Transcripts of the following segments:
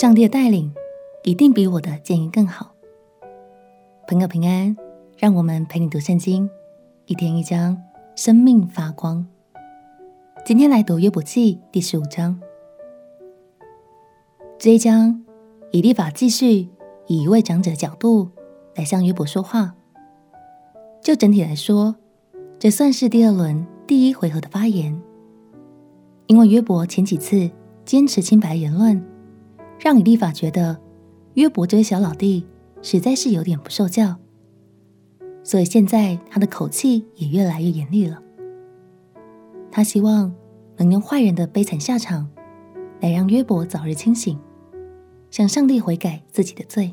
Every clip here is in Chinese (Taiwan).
上帝的帶領一定比我的建議更好。朋友平安，讓我們陪你讀聖經，一天一章，生命發光。今天來讀約伯記第十五章。這一章以利法繼續以一位長者的角度來向約伯說話。就整體來說，這算是第二輪第一回合的發言，因為約伯前幾次堅持清白言論。讓以利法覺得約伯這位小老弟實在是有點不受教，所以現在他的口氣也越來越嚴厲了。他希望能用壞人的悲慘下場來讓約伯早日清醒，向上帝悔改自己的罪。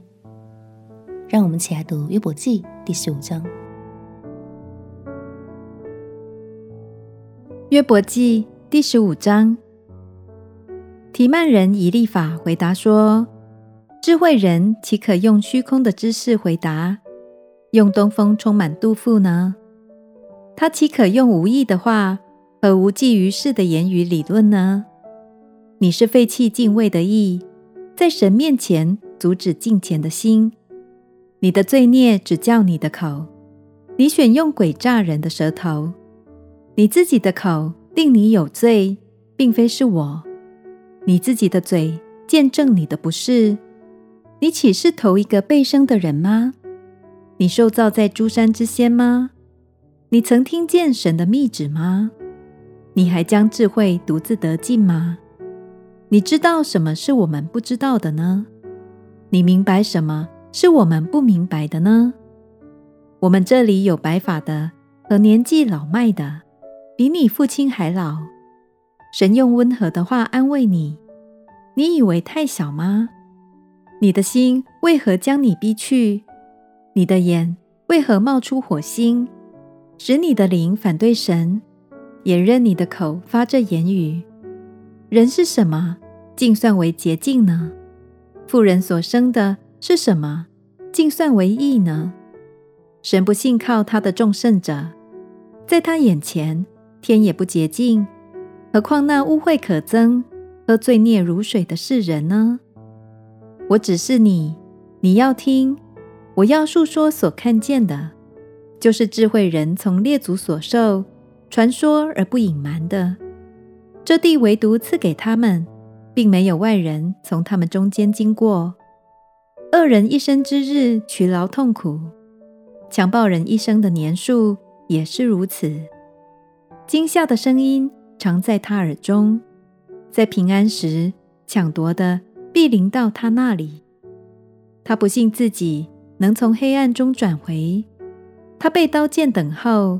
讓我們起來讀《約伯記》第十五章，《約伯記》第十五章。提曼人以利法回答說：“智慧人豈可用虛空的知識回答？用東風充滿肚腹呢？他豈可用無益的話和無濟於事的言語理論呢？你是廢棄敬畏的意，在神面前阻止敬虔的心。你的罪孽只叫你的口，你選用詭詐人的舌頭。你自己的口定你有罪，並非是我。”你自己的嘴見證你的不是，你豈是頭一個被生的人嗎？你受造在諸山之先嗎？你曾聽見神的密旨嗎？你還將智慧獨自得盡嗎？你知道什麼是我們不知道的呢？你明白什麼是我們不明白的呢？我們這裡有白髮的和年紀老邁的，比你父親還老。神用溫和的話安慰你。你以為太小嗎？你的心為何將你逼去？你的眼為何冒出火星，使你的靈反對神，也任你的口發這言語？人是什麼，竟算為潔淨呢？婦人所生的是什麼，竟算為義呢？神不信靠他的眾聖者，在他眼前，天也不潔淨。何況那污穢可憎、喝罪孽如水的世人呢？我指示你，你要聽，我要述說所看見的，就是智慧人從列祖所受傳說而不隱瞞的。這地唯獨賜給他們，並沒有外人從他們中間經過。惡人一生之日，劬勞痛苦；強暴人一生的年數也是如此。驚嚇的聲音。常在他耳中，在平安時搶奪的必臨到他那裡。他不信自己能從黑暗中轉回。他被刀劍等候。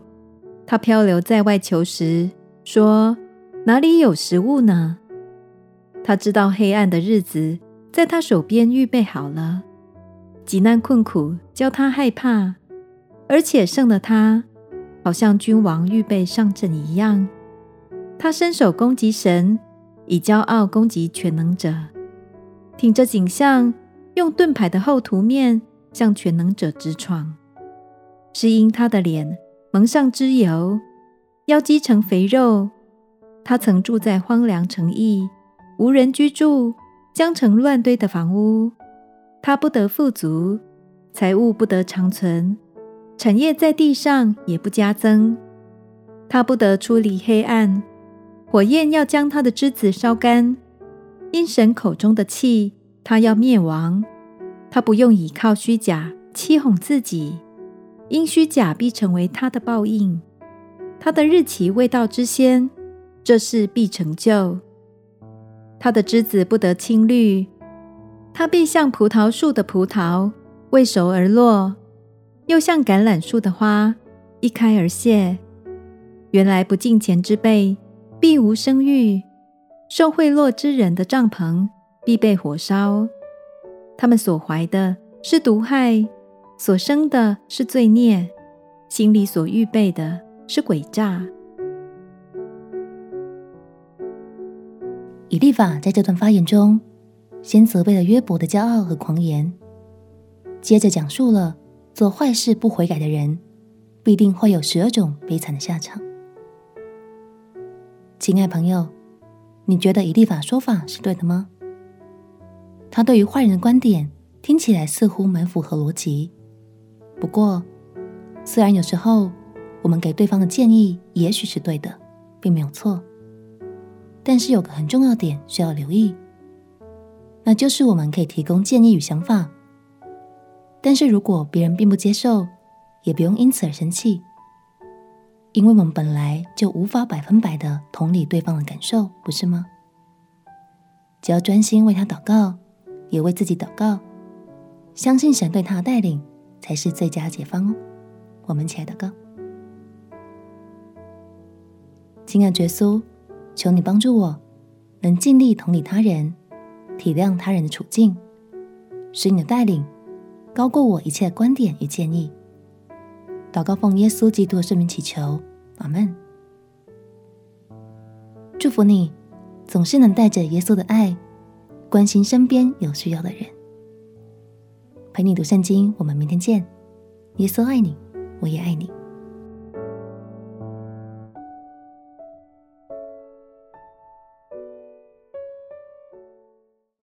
他漂流在外求食，說哪裡有食物呢？他知道黑暗的日子在他手邊預備好了。急難困苦教他害怕，而且勝了他，好像君王預備上陣一樣。他伸手攻擊神，以驕傲攻擊全能者，挺着頸項，用盾牌的厚凸面向全能者直闖。是因他的臉蒙上脂油，腰積成肥肉。他曾住在荒涼城邑，無人居住，將成亂堆的房屋。他不得富足，財物不得長存，產業在地上也不加增。他不得出離黑暗。火焰要將他的枝子燒乾，因神口中的氣，他要滅亡。他不用倚靠虛假欺哄自己，因虛假必成為他的報應。他的日期未到之先，這事必成就。他的枝子不得青綠，他必像葡萄樹的葡萄未熟而落，又像橄欖樹的花一開而謝。原來不敬虔之輩，必無生育，受賄賂之人的帳篷必被火燒；他們所懷的是毒害，所生的是罪孽，心裡所預備的是詭詐。以利法在這段發言中，先責備了約伯的驕傲和狂言，接着講述了做壞事不悔改的人，必定會有十二種悲慘的下場。親愛朋友，你覺得以利法說法是對的嗎？他對於壞人的觀點聽起來似乎蠻符合邏輯。不過，雖然有時候我們給對方的建議也許是對的，並沒有錯。但是有個很重要點需要留意，那就是我們可以提供建議與想法，但是如果別人並不接受，也不用因此而生氣。因為我們本來就無法百分百的同理對方的感受，不是嗎？只要專心為他禱告，也為自己禱告，相信神對他的帶領才是最佳解方哦。我們一起來禱告，親愛的耶穌，求你幫助我，能盡力同理他人，體諒他人的處境，使你的帶領高過我一切觀點與建議。禱告，奉耶穌基督的聖名祈求，阿門。祝福你，總是能帶着耶穌的愛，關心身邊有需要的人。陪你讀聖經，我們明天見。耶穌愛你，我也愛你。